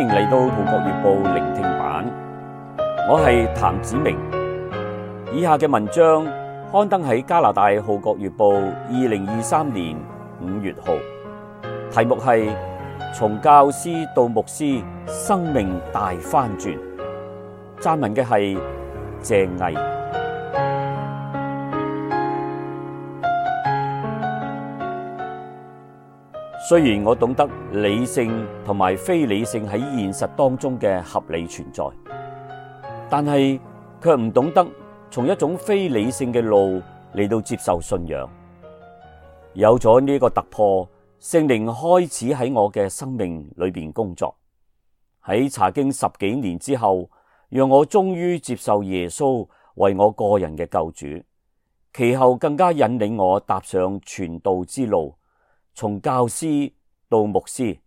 歡迎嚟到《號角月報》聆聽版，我係譚子明。以下嘅文章刊登喺加拿大《號角月報》二零二三年五月號，題目係《從教師到牧師：生命大翻轉》，撰文嘅係鄭毅。雖然我懂得理性同埋非理性喺現實當中嘅合理存在，但係卻唔懂得從一種非理性嘅路嚟到接受信仰。有咗呢個突破，聖靈開始喺我嘅生命裏邊工作。喺查經十幾年之後，讓我終於接受耶穌為我個人嘅救主，其後更加引領我踏上傳道之路。從教師到牧師，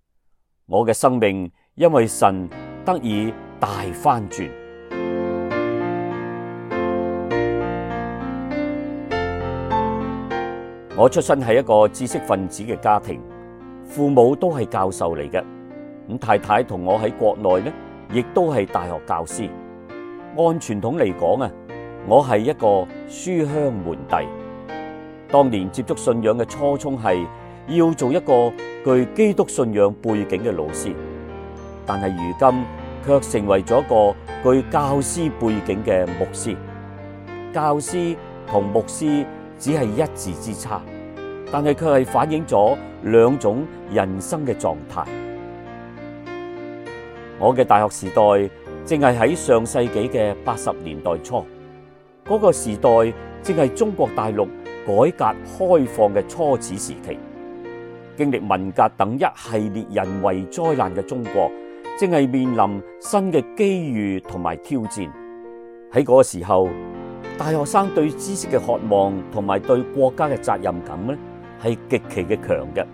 我嘅生命因為神得以大翻轉。我出身喺一個知識分子嘅家庭，父母都係教授嚟嘅。咁太太同我喺國內呢，亦都係大學教師。按傳統嚟講啊，我係一個書香門第。當年接觸信仰嘅初衷係：要做一個具基督信仰背景嘅老師，但係如今卻成為咗個具教師背景嘅牧師。教師同牧師只係一字之差，但係卻係反映咗兩種人生嘅狀態。我嘅大學時代正係喺上世紀嘅八十年代初，嗰個時代正係中國大陸改革開放嘅初始時期。經歷文革等一系列人為災難嘅中國，正係面臨新嘅機遇同埋挑戰。喺嗰個時候，大學生對知識嘅渴望同埋對國家嘅責任感呢，係極其嘅強嘅。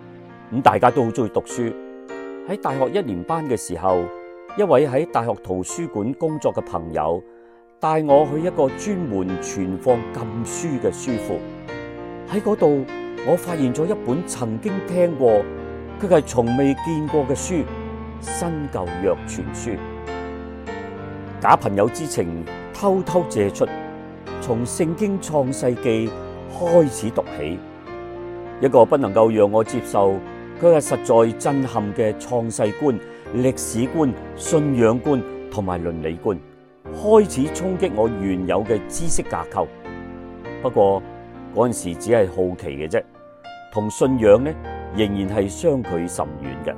咁大家都好中意讀書。喺大學一年班嘅時候，一位喺大學圖書館工作嘅朋友帶我去一個專門存放禁書嘅書庫，喺嗰度。我發現咗一本曾經聽過，佢係從未見過嘅書《新舊約傳書》，假朋友之情偷偷借出，從聖經創世記開始讀起，一個不能夠讓我接受，佢係實在震撼嘅創世觀、歷史觀、信仰觀同埋倫理觀，開始衝擊我原有嘅知識架構。不過，嗰陣時只係好奇嘅啫，同信仰咧仍然係相距甚遠嘅。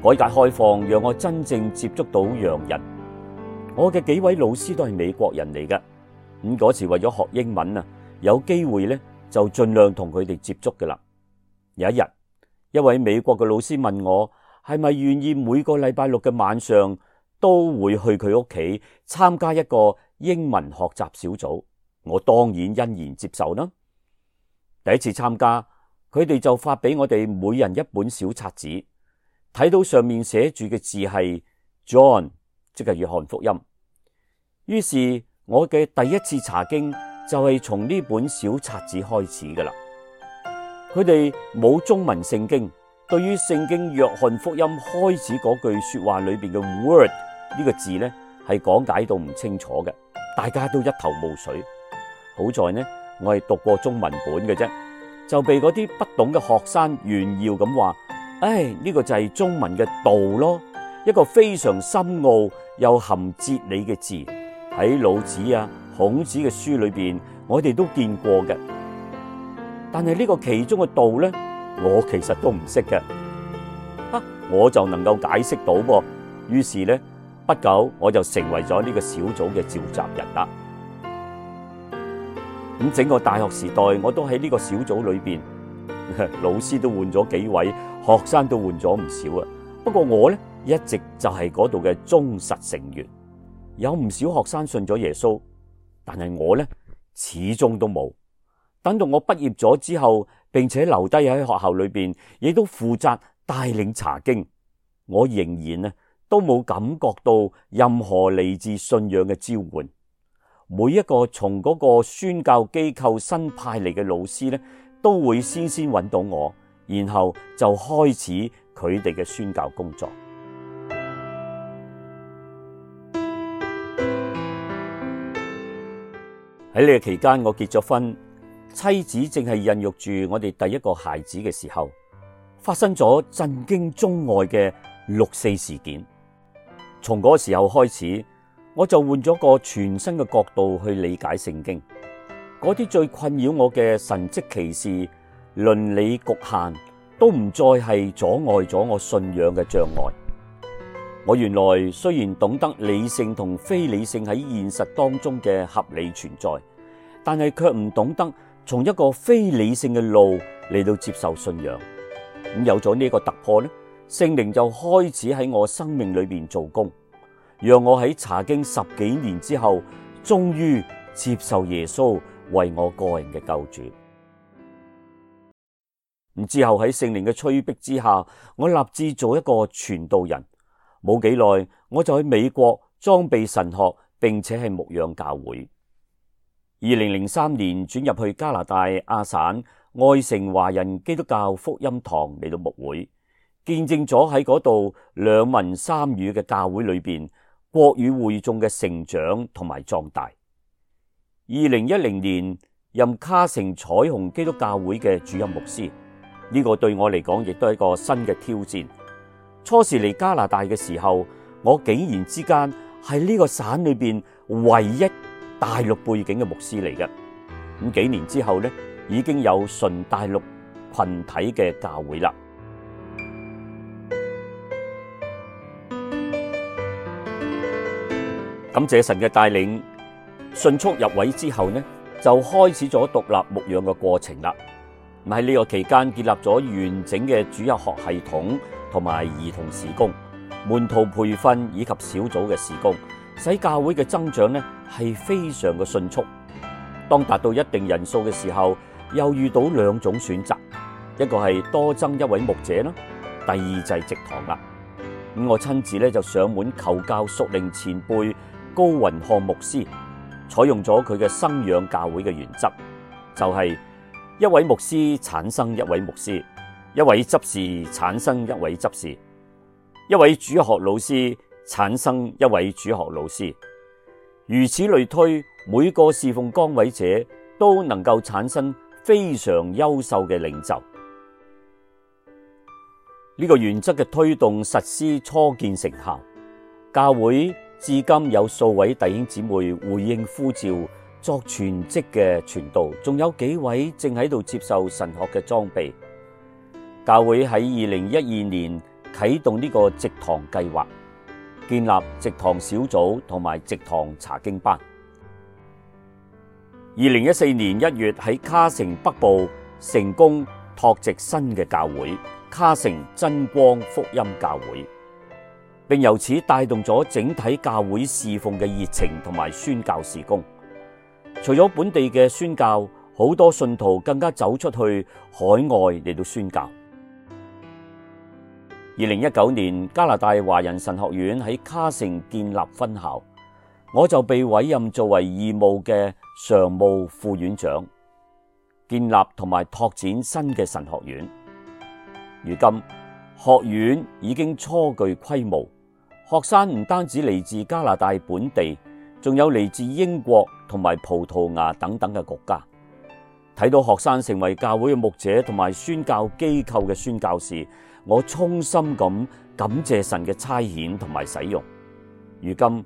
改革開放讓我真正接觸到洋人，我嘅幾位老師都係美國人嚟噶。咁嗰時為咗學英文啊，有機會咧就盡量同佢哋接觸噶啦。有一日，一位美國嘅老師問我係咪願意每個禮拜六嘅晚上，都會去佢屋企參加一個英文學習小組，我當然欣然接受啦。第一次參加，佢哋就發俾我哋每人一本小冊子，睇到上面寫住嘅字係 John，即係約翰福音。於是我嘅第一次查經就係從呢本小冊子開始噶啦。佢哋冇中文聖經，對於聖經約翰福音開始嗰句說話裏邊嘅 word。呢、個字咧係講解到唔清楚嘅，大家都一頭霧水。好在呢，我係讀過中文本嘅啫，就被嗰啲不懂嘅學生炫耀咁話，唉，呢個就係中文嘅道咯，一個非常深奧又含哲理嘅字，喺老子啊、孔子嘅書裏邊，我哋都見過嘅。但係呢個其中嘅道咧，我其實都唔識嘅，吓、啊、我就能夠解釋到噃。於是咧。不久我就成為咗呢個小組嘅召集人啦。咁整個大學時代，我都喺呢個小組裏邊，老師都換咗幾位，學生都換咗唔少啊。不過我呢，一直就係嗰度嘅忠實成員。有唔少學生信咗耶穌，但係我呢，始終都冇。等到我畢業咗之後，並且留低喺學校裏邊，亦都負責帶領查經，我仍然呢，都冇感覺到任何嚟自信仰嘅召喚。每一個從嗰個宣教機構新派嚟嘅老師咧，都會先先搵到我，然後就開始佢哋嘅宣教工作。喺呢個期間，我結咗婚，妻子正係孕育住我哋第一個孩子嘅時候，發生咗震驚中外嘅六四事件。從嗰時候開始,我就換咗個全新嘅角度去理解聖經。聖靈就開始喺我生命裏邊做工，讓我喺查經十幾年之後，終於接受耶穌為我個人嘅救主。之後喺聖靈嘅催逼之下，我立志做一個傳道人。冇幾耐，我就喺美國裝備神學，並且係牧養教會。二零零三年轉入去加拿大阿省愛城華人基督教福音堂嚟到牧會。見證咗喺嗰度兩文三語嘅教會裏邊，國語會眾嘅成長同埋壯大。二零一零年任卡城彩虹基督教會嘅主任牧師，呢個對我嚟講亦都係一個新嘅挑戰。初時嚟加拿大嘅時候，我竟然之間係呢個省裏邊唯一大陸背景嘅牧師嚟嘅。咁幾年之後呢，已經有純大陸群體嘅教會啦。咁謝神嘅帶領，迅速入位之後呢，就開始咗獨立牧養嘅過程啦。喺呢個期間，建立咗完整嘅主日學系統，同埋兒童事工、門徒培訓以及小組嘅事工，使教會嘅增長呢係非常嘅迅速。當達到一定人數嘅時候，又遇到兩種選擇，一個係多增一位牧者啦，第二就植堂啦。咁我親自呢就上門求教屬靈前輩。高云漢牧師採用咗佢嘅生養教會嘅原則，就係、是、一位牧師產生一位牧師，一位執事產生一位執事，一位主學老師產生一位主學老師，如此類推，每個侍奉崗位者都能夠產生非常優秀嘅領袖。呢、這個原則嘅推動實施初見成效，教會。至今有數位弟兄姊妹回應呼召作全職嘅傳道，仲有幾位正喺度接受神學嘅裝備。教會喺二零一二年啟動呢個植堂計劃，建立植堂小組同埋植堂查經班。二零一四年一月喺卡城北部成功托植新嘅教會——卡城真光福音教會。並由此帶動咗整體教會侍奉嘅熱情同埋宣教事工。除咗本地嘅宣教，好多信徒更加走出去海外嚟到宣教。二零一九年，加拿大華人神學院喺卡城建立分校，我就被委任作為義務嘅常務副院長，建立同埋拓展新嘅神學院。如今學院已經初具規模。學生唔單止嚟自加拿大本地，仲有嚟自英國同埋葡萄牙等等嘅國家。睇到學生成為教會嘅牧者同埋宣教機構嘅宣教士，我衷心咁感謝神嘅差遣同埋使用。如今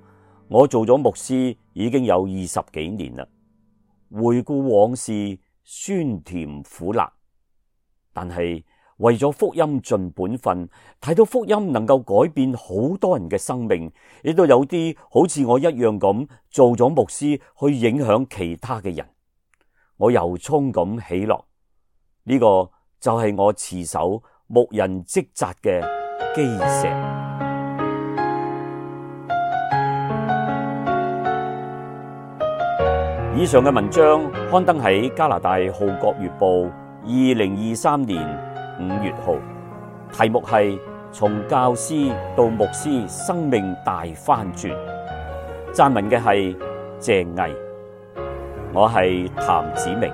我做咗牧師已經有二十幾年啦，回顧往事，酸甜苦辣，但係。為咗福音盡本分，睇到福音能夠改變好多人嘅生命，亦都有啲好似我一樣咁做咗牧師去影響其他嘅人，我由衷咁喜樂。呢、這個就係我持守牧人職責嘅基石。以上嘅文章刊登喺加拿大《號角月報》二零二三年。五月號，題目係從教師到牧師，生命大翻轉。撰文嘅係鄭毅，我係譚子明。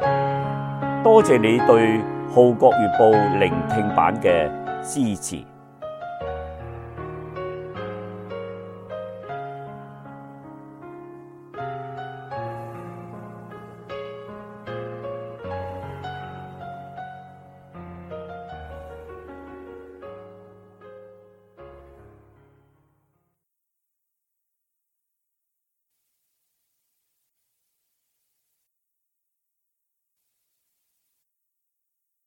多謝你對《浩國月報》聆聽版嘅支持。